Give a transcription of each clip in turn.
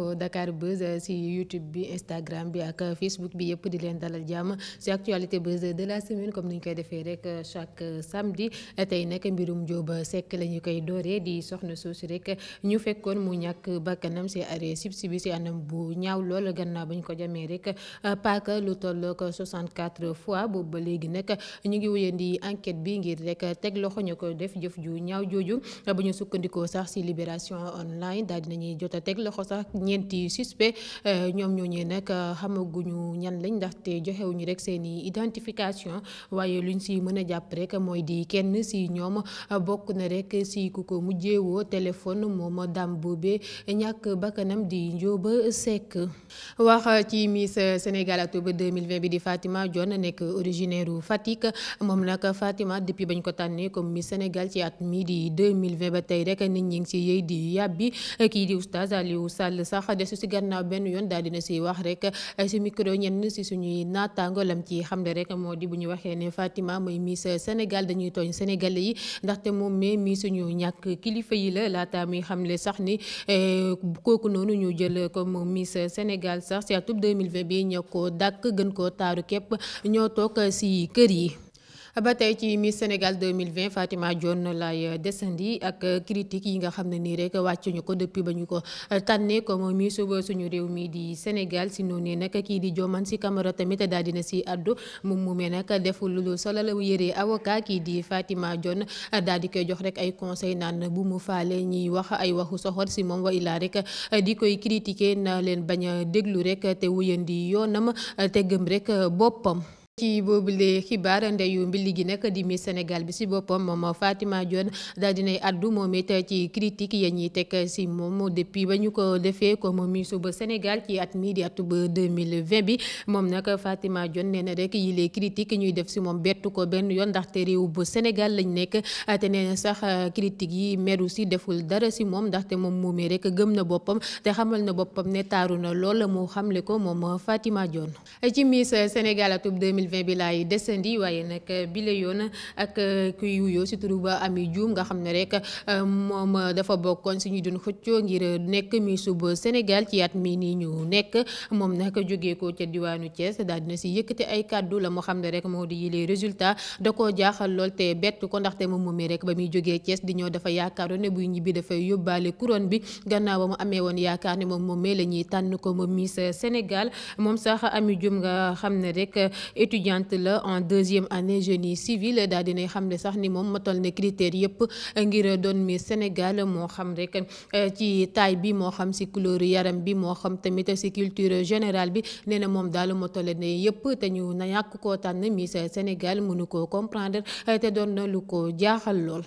info Dakar Buzz euh, si YouTube bi Instagram bi ak euh, Facebook bi yëpp di leen dalal jàmm si actualité buzz de la semaine comme ni ñu koy defee rek euh, chaque samedi tey nag mbirum Njóoba Sekk la ñu koy dooree di soxna soosu rek ñu fekkoon mu ñakk bakkanam si arrêt SIPSI bi si anam bu ñaaw lool gannaaw ba ñu ko jamee rek paaka lu toll ko 64 fois boobu ba léegi nag ñu ngi wuyandi enquête bi ngir rek teg loxo ñu ko def jëf ju ñaw jooju bu ñu sukkandikoo a ñeenti suspect euh, ñoom ñooñee nag euh, xamaguñu ñan lañ ndax te joxewuñu rek seen i identification waaye luñ si mën a jàpp rek mooy di kenn si ñoom bokk na rek si ku ko mujjeewoo téléphone moom dam boobee ñàkk bakkanam di njóoba sekk wax ci Miss Sénégal octobre 2020 bi di Fatima Dione nekk originaire u Fatick moom nag Fatima depuis bañ ko tànnee comme Miss Sénégal ci at mi di 2020 ba tey rek nit ñi ngi si di yàbbi kii di oustaz Aliou sax desu si gannaaw benn yoon daal dina si wax rek si micro ñenn si suñuy naataango lam ci xam ne rek moo di bu ñu waxee ne Fatima mooy Miss Sénégal dañuy tooñ Sénégalais yi ndaxte moom mais mi suñu ñàkk kilifa yi la laata muy xamle sax ni e, kooku noonu ñu jël comme Miss Sénégal sax si atub 2020 bi ñoo ko dàkk gën koo taaru képp ñoo toog si kër yi. ba tey ci Miss Sénégal 2020 Fatima Dione lay desandi ak critique yi nga xam ne nii rek wàccuñu ko depuis ba ñu ko tànnee ko moom comme Miss suñu réew mii di Sénégal si noonu nag kii di jomman Sy Camara tamit daal dina si addu moom mu mee nag deful lu solal yére avocat kii di Fatima Dione daal di koy jox rek ay conseil naan bu mu faale ñiy wax ay waxu soxor si moom wa ilaa rek di koy critiquer na leen bañ a déglu rek te wuyandi yoonam te gëm rek boppam ci boobule xibaar ndeyu mbili gi nag di Miss Sénégal bi si boppam moom Fatima Dione daal dinay addu moom it ci critique ya ñuy teg si moom depuis ba ñu ko defee comme Miss ba Sénégal ci at mi di atu ba 2020 bi moom nag Fatima Dione nee na rek yi les critiques ñuy def si moom bettu ko benn yoon ndaxte réew bu Sénégal lañ nekk te nee sax critique yi meru si deful dara si moom ndaxte moom moomee rek gëm na boppam te xamal na boppam ne taaru na lool moo xamle ko moom Fatima Dione ci Miss Sénégal atub 2020 bi laay desandi waaye nag bile yoon ak euh, kuy wuyoo si turu ba Ami Dioum nga xam ne rek euh, moom dafa bokkoon si ñu doon xëccoo ngir nekk Miss Sénégal ci yaat mii nii ñu nekk moom nag jógee ko ca diwaanu cees daal dina si yëkkati ay kàddu la moo xam ne rek moo di yile résultat da koo jaaxal lool te bett ko ndax ndaxte moom moomii rek ba muy jógee cees di ñëw dafa yaakaaroon ne buy ñibbi dafay yóbbaale couronne bi gannaaw ba mu amee woon yaakaar ne moom moomee la ñuy tànn ko moom Miss Sénégal moom sax Ami Dioum nga xam ne rek étudiante la en deuxième année génie civil daal dinay xam ne sax ni moom matal na critères yëpp ngir doon Miss Sénégal moo xam rek eh, ci taille bi moo xam si couleur yaram bi moo xam tamit si culture général bi nee na moom daal matale na yëpp te ñu ñàkk koo tànn Miss Sénégal mënu koo comprendre eh, te doon na lu ko jaaxal lool.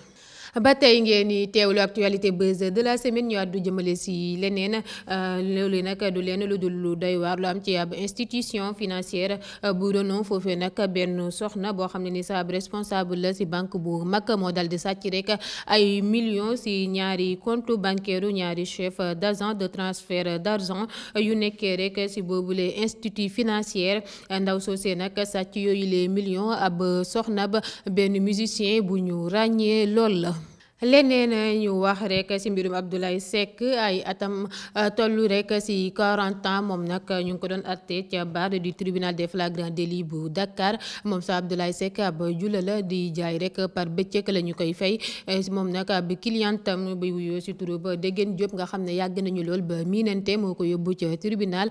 ba tey ngeen di teewlu actualité buzz de la semaine ñu àddu jëmale si leneen euh, loolu nag du leen lu dul lu doy waar lu am ci ab institution financière euh, bu doon foofee nag benn soxna boo xam ne ni saab responsable la si banque bu mag moo dal di sàcc rek ay millions si ñaari compte bancaire ñaari chef d' agent de transfert d' argent yu nekkee si boobule institut financière ndaw soosee nag sàcc yooyu les millions ab soxna ba benn musicien bu ñu ràññee lool la leneen ñu wax rek si mbirum Abdoulaye Seck ay atam euh, tollu rek si 40 ans moom nag ñu ngi ko doon atte ca barre du tribunal des flagrants délits bu Dakar moom sa Abdoulaye Seck ab jula la di jaay rek par bëccëg la ñu koy fay euh, moom nag ab clientam bi wuyoo si turu ba Dégène Diop nga xam ne yàgg nañu lool ba miinante moo ko yóbbu ca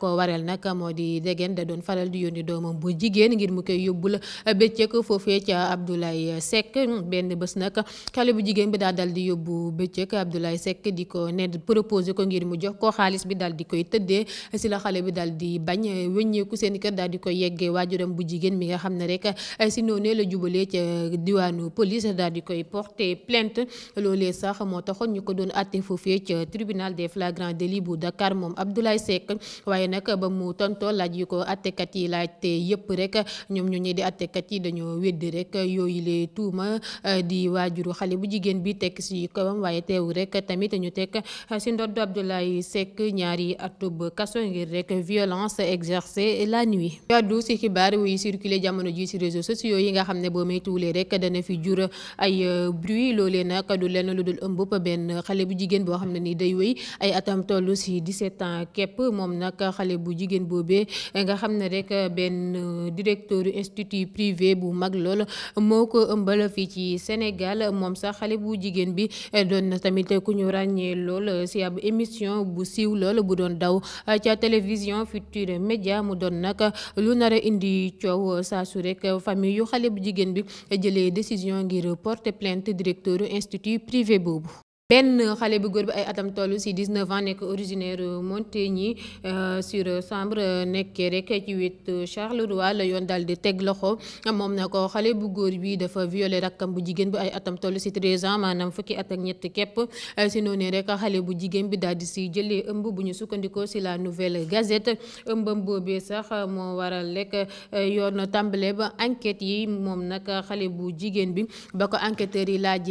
ko waral nag moo di Dégène doon faral di yónni doomam bu jigéen ngir mu koy yóbbul bëccëg foofee ca Abdoulaye Seck benn bés nag xale bu jigéen bi daa dal di yóbbu bëccëg Abdoulaye Seck di ko ne proposé ko ngir mu jox ko xaalis bi daal di koy tëddee si la xale bi daal di bañ wéññeeku seen kër daal di koy yeggee waajuram bu jigéen mi nga xam ne rek si noonu la jubalee ca diwaanu police daal di koy porté plainte loolee sax moo taxoon ñu ko doon àtte foofee ca tribunal des flagrants délits bu Dakar moom Abdoulaye Seck waaye nag ba mu tontoo laaj yu ko àttekat yi laajte yëpp rek ñoom ñoo ñi di àttekat yi dañoo weddi rek yooyu bu jigéen bi tekk si kawam waaye teewu rek tamit ñu tekk si ndodd Abdoulaye Seck ñaari atub kaso ngir rek violence exercée la nuit. yàddu si xibaar wuy circulé jamono ji si réseaux sociaux yi nga xam ne boo moytuwulee rek dana fi jur ay euh, bruit loolee nag du lenn lu dul ëmb benn xale bu jigéen boo xam ne ni day wéy ay atam toll si 17 ans képp moom nag xale bu jigéen boobee nga xam ne rek benn directeur institut privé bu mag lool moo ko xale bu jigéen bi eh, doon na tamit ku ñu ràññee lool eh, si ab émission bu siiw lool bu doon daw eh, ca télévision Futurs Médias mu doon nag lu nar indi coow saa su famille yu xale bu jigéen bi jëlee décision ngir porter plainte directeur institut privé boobu. benn xale bu góor bi ay atam toll si 19 ans nekk originaire Montigny euh, sur Sambre nekkee rek ci wetu Charleroi la yoon dal di teg loxo moom na ko xale bu góor bi dafa violé rakkam bu jigéen bi ay atam toll si 13 ans maanaam fukki at ak ñett képp euh, si noonu rek xale bu jigéen bi dal di si jëlee ëmb bu ñu sukkandikoo si la nouvelle gazette ëmbam boobee sax moo waral rek euh, yoon tàmbale ba enquête yi moom nag xale bu jigéen bi ba ko enquêteurs yi laaj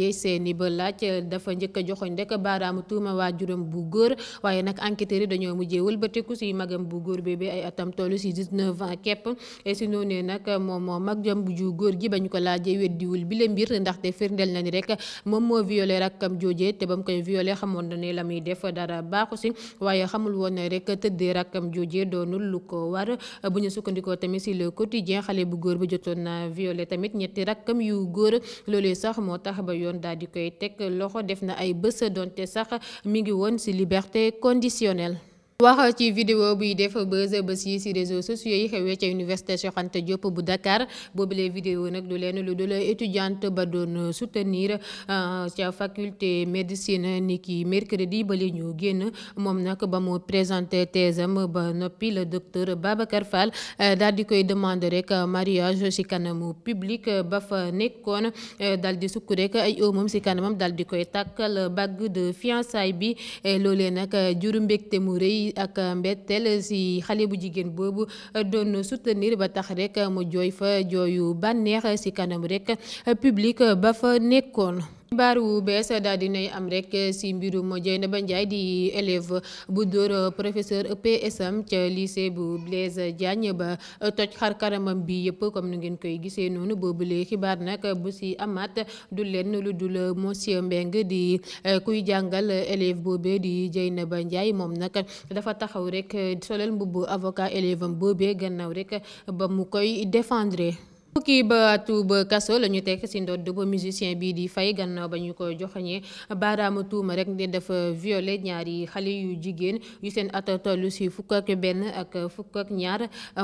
dafa njëkk joxoñ rek baaraamu tuuma waajuram bu góor waaye nag enquêteurs yi dañoo mujjee wëlbatiku si magam bu góor bébé ay atam toll si 19 ans képp si noonee nag moom moo mag na ni rek moom moo violé rakkam joojee te ba mu koy violé xamoon ne la muy def dara baaxu si waaye xamul woon ne rek tëddee rakkam joojee doonul lu ko war bu ñu sukkandikoo tamit si le quotidien xale bu góor ba jotoon na violé tamit ñetti rakkam yu góor loolee sax moo tax ba yoon daal bés donte sax mi ngi woon ci liberté conditionnel wax ci vidéo buy def buzz bés yi ci réseaux sociaux yi xewee ca université Cheikh Anta Diop bu Dakar boobule vidéo nag lu leen lu dula étudiante ba doon soutenir euh, ca faculté médecine ni ki mercredi ba li ñu génn moom nag ba mu présenté thèse ba noppi la docteur Babacar Fall euh, daal di koy demande rek mariage ci kanamu public ba fa nekkoon euh, dal di sukk rek ay moom ci kanamam daal di koy takkal bague de fiançailles bi loolee nag juru mbégte mu rëy tiis ak mbetteel si xale bu jigéen boobu doon soutenir ba tax rek mu jooy fa jooyu bànneex si kanam rek public ba fa nekkoon. xibaar wu bees daal dinay am rek si mbirum ba Ndiaye di élève bu dóor professeur EPSM ca lycée bu Blaise Diagne ba toj xar karamam bi yëpp comme ni ngeen koy gisee noonu boobule xibaar nag bu si amaat du lenn lu dul monsieur mbeng di eh, kuy jàngal élève boobee di ba Ndiaye moom nag dafa taxaw rek solal mbubbu avocat élève am gannaaw rek ba mu koy defendre fukki baatu ba kaso la ñu teg si ndodd ba musicien bii di fay gannaaw ba ñu ko joxañee baaraama tuuma rek ne dafa violé ñaari xale yu jigéen yu seen at toll si fukk ak benn ak fukk ak ñaar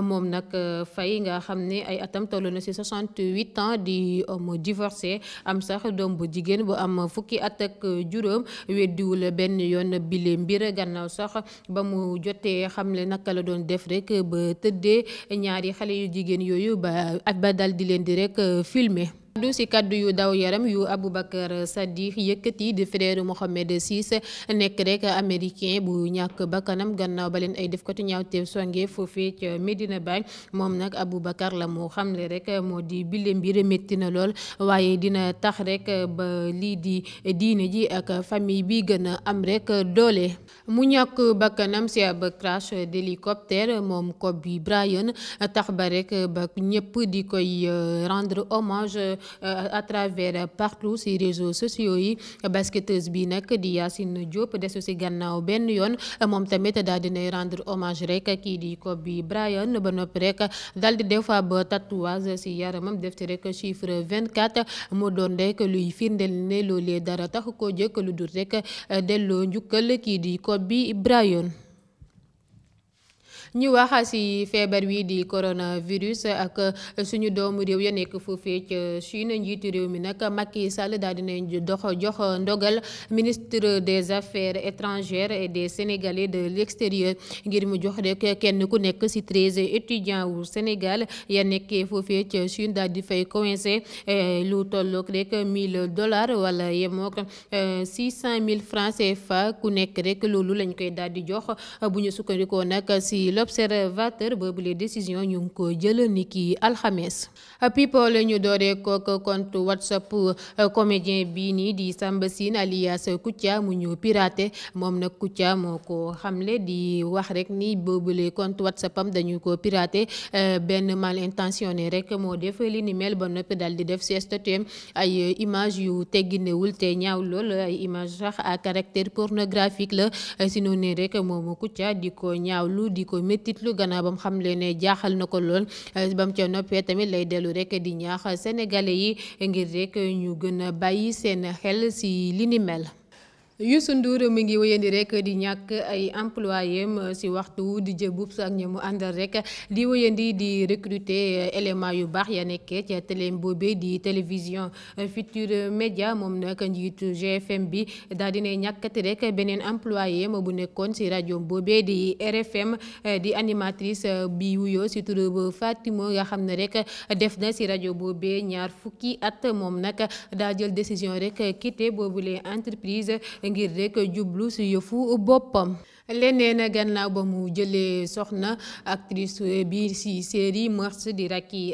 moom nag fay nga xam ne ay atam na si 68 ans di mu divorcé am sax doom bu jigéen bu am fukki at ak juróom weddiwul benn yoon bile mbir gannaaw sax ba mu jotee xamle naka la doon def rek ba tëddee ñaari xale yu jigéen yooyu ba daal di leen di rek euh, filmer du si kaddu yu daw yaram yu Aboubacar Sadikh yëkkati di frère Mohamed Cisse nekk rek américain bu ñàkk bakkanam gannaaw ba leen ay def ñaw te songe foofee ca Medina Baay moom nag Aboubacar la moo xamle rek moo di bile mbir métti na lool waaye dina tax rek ba lii di diine ji ak famille bi gën a am rek doole. mu ñàkk bakkanam si ab crash d'hélicoptère moom Kobe Bryant tax ba rek ba ñëpp di koy rendre hommage. Euh, à travers euh, partout ci réseaux sociaux yi basketteuse bi nag di Yacine Diop desu ci gannaaw benn yoon moom tamit daal dinay rendre hommage rek kii di Kobe Bryant ba noppi rek dal di def ab tatouage ci yaramam def ci rek chiffre 24 mu doon rek luy firndeel ne loolee dara taxu ko jëkk lu dul rek euh, delloo njukkal kii di Kobe Bryant ñu wax si feebar wii di coronavirus ak suñu doomu réew ya nekk foofee ca Chine njiitu réew mi nag Macky Sall daal dinañ dox jox ndogal ministre des affaires étrangères et des sénégalais de l'extérieur ngir mu jox rek kenn ku nekk si treize étudiants wu Sénégal ya nekkee foofee ca Chine daal di fay coincé eh, lu tollook rek mille dollars wala yemook eh, six cent mille francs ku nekk rek loolu lañ koy daal jox bu ñu sukkandikoo nag si l'observateur boobu les décisions ñu ngi ko jël ni ki alxames people ñu dooree kook compte whatsapp euh, comédien bii nii di Samba Sine alias Kouthia mu ñu piraté moom nag Kouthia moo ko xamle di wax rek nii boobu les compte whatsapp am dañu ko piraté euh, benn mal intentionné rek moo defee li ni mel ba noppi dal di def sestatem ay image yu tegginewul te ñaaw lool ay image sax à caractère pornographique la euh, si noonu rek moom Kouthia di ko ñaawlu di ko méttitlu gannaaw ba xam leen ne jaaxal na ko lool eh, ba mu ca noppee tamit lay dellu rek di ñaax sénégalais yi ngir rek ñu gën a bàyyi seen xel si linimel Youssou Ndour mi ngi wéyandi rek di ñàkk ay employéem si waxtu di jëbub ak ña mu àndal rek di wéyandi di recruter élément yu baax yaa nekkee ca télé di télévision Futurs Médias moom nag njiitu GFM bi daal dina ñàkkati rek beneen employéem bu nekkoon si rajo boobee di RFM di animatrice bi wuyoo si turu ba nga xam ne rek def na si rajo boobe ñaar fukki at moom nag daa jël décision rek quitter boobu les entreprise ngir rek jublu si yëfu boppam leneen gannaaw ba mu jëlee soxna actrice bi si série Mœurs di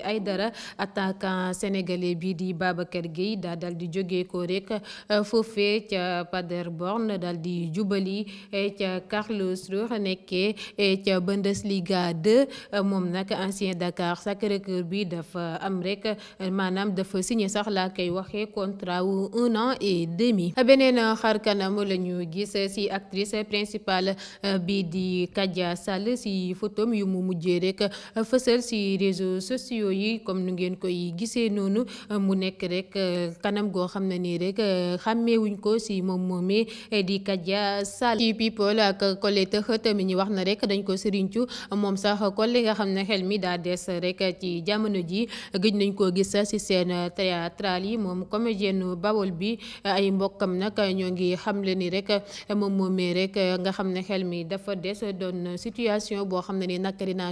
ay dara attaquant sénégalais bi di Babacar Gueye daa dal di jóge ko rek euh, foofee ca Paderborn dal di jubali euh, ca Karlsruhe nekkee euh, ca Bundesliga de moom nag ancien Dakar Sacré-Cœur bi dafa am rek maanaam dafa signé sax laa koy waxee contrat wu un an et demi beneen xar kanam la ñu gis si actrice principale Eh, bii di Kadia Sall si photom yu mu mujjee rek eh, fësal si réseaux sociaux yi comme nu ngeen koy gisee noonu eh, mu nekk rek kanam goo xam ne nii rek xàmmeewuñ ko si moom moomee di kaja sal ci people ak Colette Xët mi ñu wax na rek dañ ko sëriñcu moom sax Colette nga xam ne xel mi da des rek ci jamono ji gëj nañ koo gis si seen théâtral yi moom comédienne Bawol bi ay mbokkam nag ñoo ngi xamle ni rek moom moomee rek nga xam ne xel mi dafa des doon situation boo xam ne ni nakari na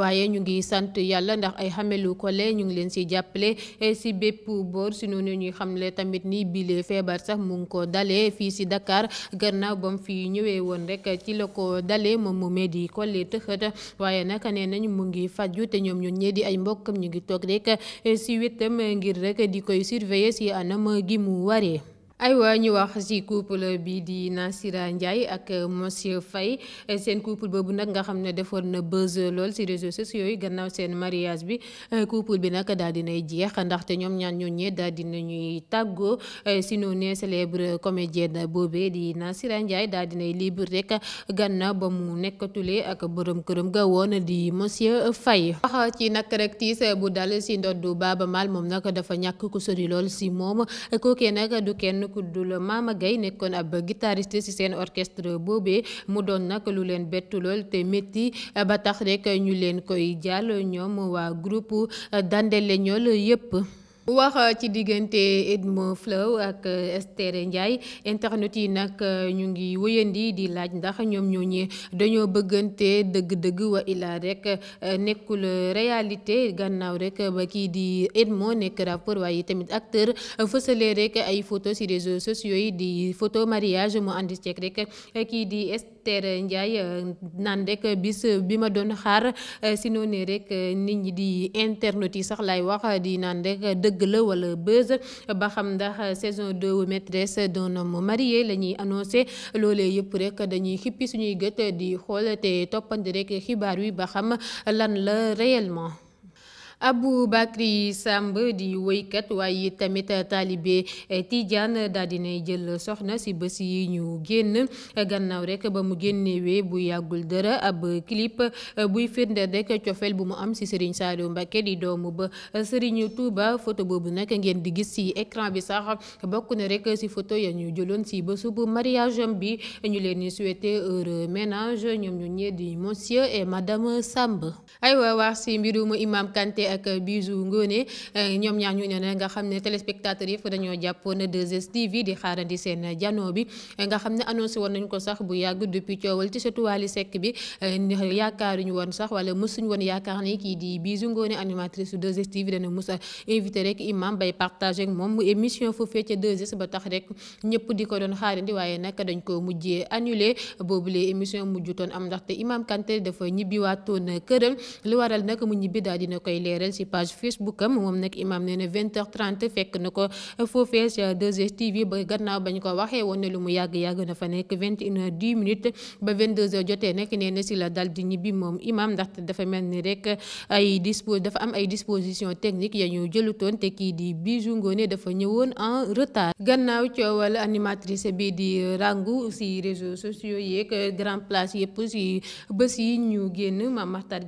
waaye ñu ngi sant yàlla ndax ay xamelu kole ñu ngi leen si jàppale eh, si bépp boor si noonu ñuy xamle tamit ni bile feebar sax mu ngi ko dalee fii si dakaar gannaaw ba fii ñëwee woon rek ci la ko dalee moom mu mee di kole tëxët waaye nag nee nañ mu ngi faju te ñoom ñun ñee di ay mbokkam ñu ngi toog rek eh, si wetam ngir rek di koy surveiller si anam gi mu waree aywa ñu wax ci couple bi di Nasira Ndiaye ak monsieur Faye seen couple boobu nag nga xam ne defoon na buzz lool ci réseaux sociaux yi gannaaw seen mariage bi couple bi nag daal dinay jeex ndaxte ñoom ñaan ñoo ñee daal dinañuy tàggoo si noo ne célèbre comédienne boobee di Nasira Ndiaye daal dinay libre rek gannaaw ba mu nekkatulee ak borom këram nga woon di monsieur Faye wax ci nag rek tiis bu dal si ndoddu Baaba Maal moom nag dafa ñàkk ku sori lool si moom kookee nag du kenn kenn ku dul Mama Gueye nekkoon ab guitariste ci seen orchestre boobee mu doon nag lu leen bettu lool te métti ba tax rekk ñu leen koy jàll ñoom waa groupe Dandele ñool yëpp. wax euh, ci diggante Edmond Flow ak euh, Esther Ndiaye internet yi nag euh, ñu ngi wëyandi di laaj ndax ñoom ñoo ñee dañoo bëggante dëgg-dëgg wa ilaa rek nekkul réalité gannaaw rek ba kii di Edmond nekk rappeur waaye tamit acteur fësale rek ay photo ci réseaux sociaux yi di photo mariage mu ànd ceeg rek kii di Tere Ndiaye euh, naan rek bis bi ma doon xaar euh, si noonu rek euh, nit ñi di internet yi sax lay wax di naan rek dëgg la wala buzz ba xam ndax saison 2 maîtresse d'un homme marié la ñuy annoncé loolee yëpp rek dañuy xippi suñuy gët di xool te toppandi rek xibaar wi ba xam lan la réellement. Abou Bakri Samb di woykat waaye tamit taalibe Tidiane daal dinay jël soxna si bés yi ñu génn gannaaw rek ba mu génnewee bu yàggul dara ab clip buy firnde rek cofeel bu mu am si Serigne Saliou Mbacké yi doomu ba Serigne Touba photo boobu nag ngeen di gis si écran bi sax bokk na rek si photo ya ñu jëloon si bésu bu mariage bi ñu leen di souhaiter heureux ménage ñoom ñu ñee di monsieur et madame Samb. aywa wax si Imam Kanté Touré ak Bijou Ngoné eh, ñoom ñaar ñu ne nga xam ne téléspectateurs yëpp dañoo jàppoon 2STV di xaarandi seen jano bi eh, nga xam ne annoncé woon nañ ko sax bu yàgg depuis coowal ci surtout Wally Seck bi eh, yaakaaruñu woon sax wala mësuñu woon yaakaar ni kii di Bijou Ngoné animatrice su 2 dana mës a invité rek imam bay partagé moom mu émission foofee ca 2 ba tax rek ñëpp di ko doon xaarandi waaye nag dañ ko mujjee annulé boobule émission mujjutoon am ndaxte imam Kanté dafa leeral ci page Facebook am moom nag imaam nee na 20 h fekk na ko foofee ca 2STV ba gannaaw bañ ko waxee woon ne lu mu yàgg yàgg na fa nekk 21h 10 minutes ba 22h jotee nag nee na ci la dal di ñibbi moom imaam ndaxte dafa mel ni rek ay dispo dafa am ay disposition technique ya ñu jëlutoon te kii di Bijou Ngoné dafa ñëwoon en retard gannaaw coowal animatrice bi di rangu ci réseaux sociaux yeeg grand place yëpp ci bés yi ñu génn Mame Makhtar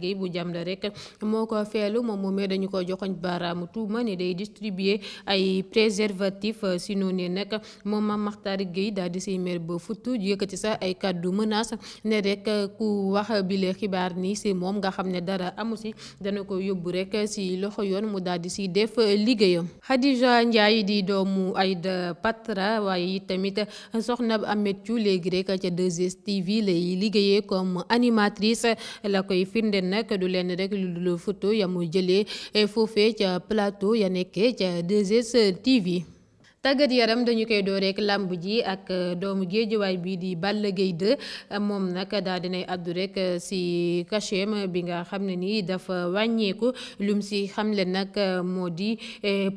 moom moomee dañu ko joxoñ baaraamu tuuma ne day distribuer ay préservatif euh, si noonu nag moom ma Makhtar Gueye daal di say mer ba futt yëkkati sax ay kàddu menace ne rek euh, ku wax bile xibaar nii si moom nga xam ne dara amu si dana ko yóbbu rek euh, si loxo yoon mu daal di si def liggéeyam Khadija Ndiaye di doomu Aïda Patra waaye it tamit soxna Amet Thiou léegi rek ca 2STV lay liggéeyee comme animatrice la koy firnde nag du leen lu dul photo yamu boobile eh, foofee ca plateau ya nekkee ca 2S TV tàggat yaram dañu koy door rek làmb ji ak euh, doomu géejuwaay bii di Balla Gaye 2 euh, moom nag daal dinay addu rek euh, si cachet bi nga xam ne nii dafa wàññeeku lum si xamle nag moo di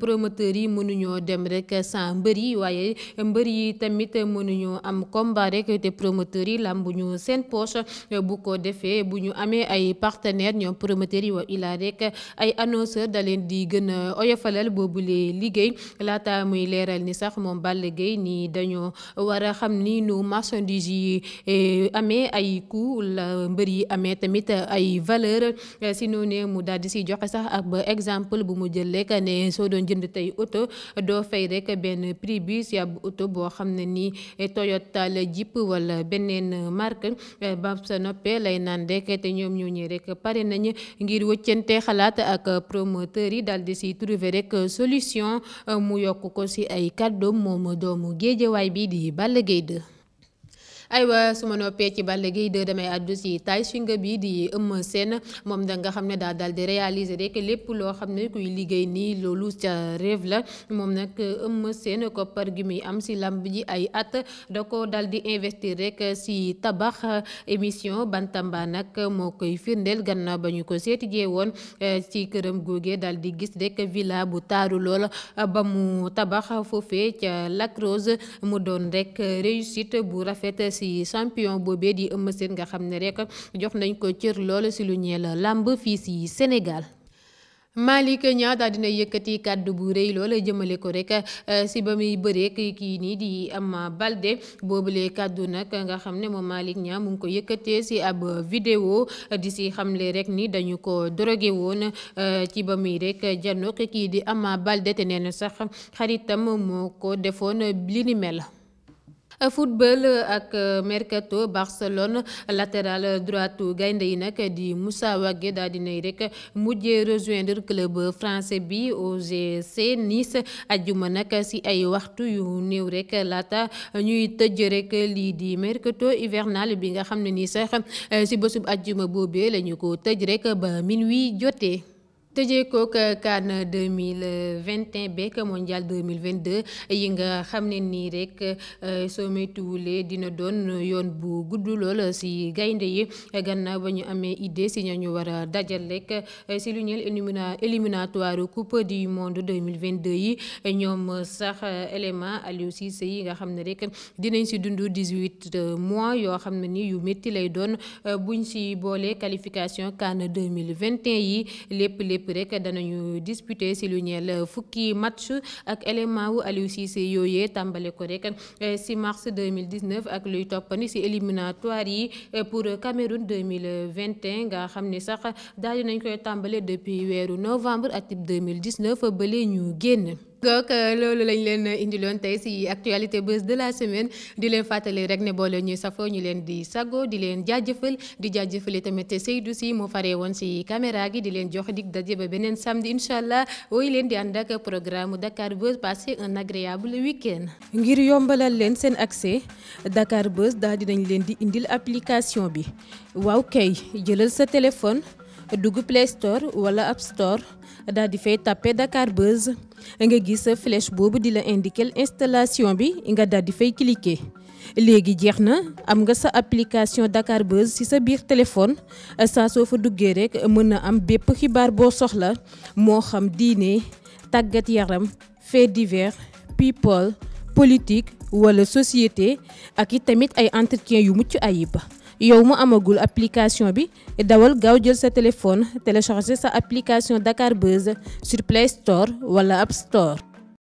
promoteurs yi mënuñoo dem rek sans mbër yi waaye mbër yi tamit mënuñoo am combat rek te promoteurs yi làmb ñu seen poche bu ko defee bu ñu amee ay partenaire ñoom promoteurs yi wa ilaa rek ay annonceurs da leen di gën a oyofalal boobu liggéey laata muy leer leeral ni sax moom Balla Gaye nii dañoo war a xam ni nu marchandise yi eh, amee ay coût la mbër yi amee tamit ay valeur eh, si noo mu daal di si joxe sax ak ba exemple bu mu jël rek ne soo doon jënd tey oto doo fay rek benn prix bi si oto boo xam ne nii eh, Toyota la Jeep wala beneen marque ba sa noppee lay naan rek te ñoom ñoo ñëw rek pare nañ ngir wëccante xalaat ak promoteur yi daal di si trouver rek solution mu yokk ko si ay kàddoom moom doomu géejawaay bii di Balla Gaye 2 aywa su ma noppee ci Balla Gaye de damay àddu si taay singa bi di Eumeu Sène moom da nga xam ne daa daal di réaliser rek lépp loo xam ne kuy liggéey nii loolu ca rêve la moom nag Eumeu Sène koppar gi muy am si lamb ji ay at da ko daal di investir rek si tabax émission Bantamba nag moo koy firndeel gannaaw ba ñu ko seeti jee woon eh, ci këram googee daal di gis rek villa bu taaru lool ba mu tabax foofee ca Lac Rose mu doon rek réussite bu rafet. si champion boobee di Eumeu Sène nga xam ne rek jox nañ ko cër lool si lu la làmb fii si Sénégal. Malick Niang daal dina yëkkati kàddu bu rëy loola jëmale ko rek eh, si ba muy bëree kii nii di Ama balde boobule kàddu nag nga xam ne moom Malick Niang mu ngi ko yëkkatee si ab vidéo di si xam xamle rek nii dañu ko drogué woon eh, ci ba muy rek janook kii di Ama Baldé te nee sax xaritam moo ko defoon li ni mel. football ak mercato Barcelone latéral droitu gaynde yi nag di Moussa Wagué daal dinay rek mujjee rejoindre club français bi OGC Nice ajjuma nag si ay waxtu yu néew rek laata ñuy tëj rek lii di mercato hivernal bi nga xam ne nii sax si bésub ajjuma boobee la ko tëj rek ba minuit jotee. tëjee kook CAN 2021 beeg mondial 2022 yi nga xam ne nii rek euh, soo moytuwulee dina doon yoon bu gudd lool si gaynde yi gannaaw ba ñu amee idée si ña ñu war a dajal rek euh, si lu ñeel élimina éliminatoire coupe du monde 2022 yi ñoom sax euh, élément Aliou Cissé yi nga xam ne rek dinañ si dund 18 mois yoo xam ne ni yu métti lay doon buñ si boolee qualification CAN 2021 yi lépp lépp. lépp rek danañu disputé si lu ñeel fukki match ak élément wu Aliou Cissé yooye tàmbale ko rek eh, si mars 2019 ak luy toppani si éliminatoire yi eh, pour Cameroun 2021 nga xam ni sax daal dinañ koy tàmbale depuis weeru novembre atib 2019 ba lee ñu génn donc loolu lañ leen indiloon tey si actualité buzz de la semaine di leen fàttali rek ne boole ñuy safoo ñu leen di sago di leen jaajëfal di jaajëfale tamit Seydou si mu faree woon si caméra gi di leen jox dig daje ba beneen samedi incha allah wooyu leen di ànd ak programme Dakar Buzz passez un agréable week ngir yombalal leen seen accès Dakar Buzz daal dinañ leen di indil application bi waaw kay jëlal sa téléphone. dugg Play Store wala App Store daal di fay tàppe Dakar Buzz nga gis sa flèche boobu di la indiquer installation bi nga dal di fay cliquer léegi jeex na am nga sa application Dakar Buzz ci sa biir téléphone saa soo fa duggee rek mën na am bépp xibaar boo soxla moo xam diine tàggat yaram fait divers people politique wala société ak it tamit ay entretien yu mucc ayib. yow mu amagul application bi dawal gaaw jël sa téléphone télécharger sa application Dakar Buzz sur Play wala App Store.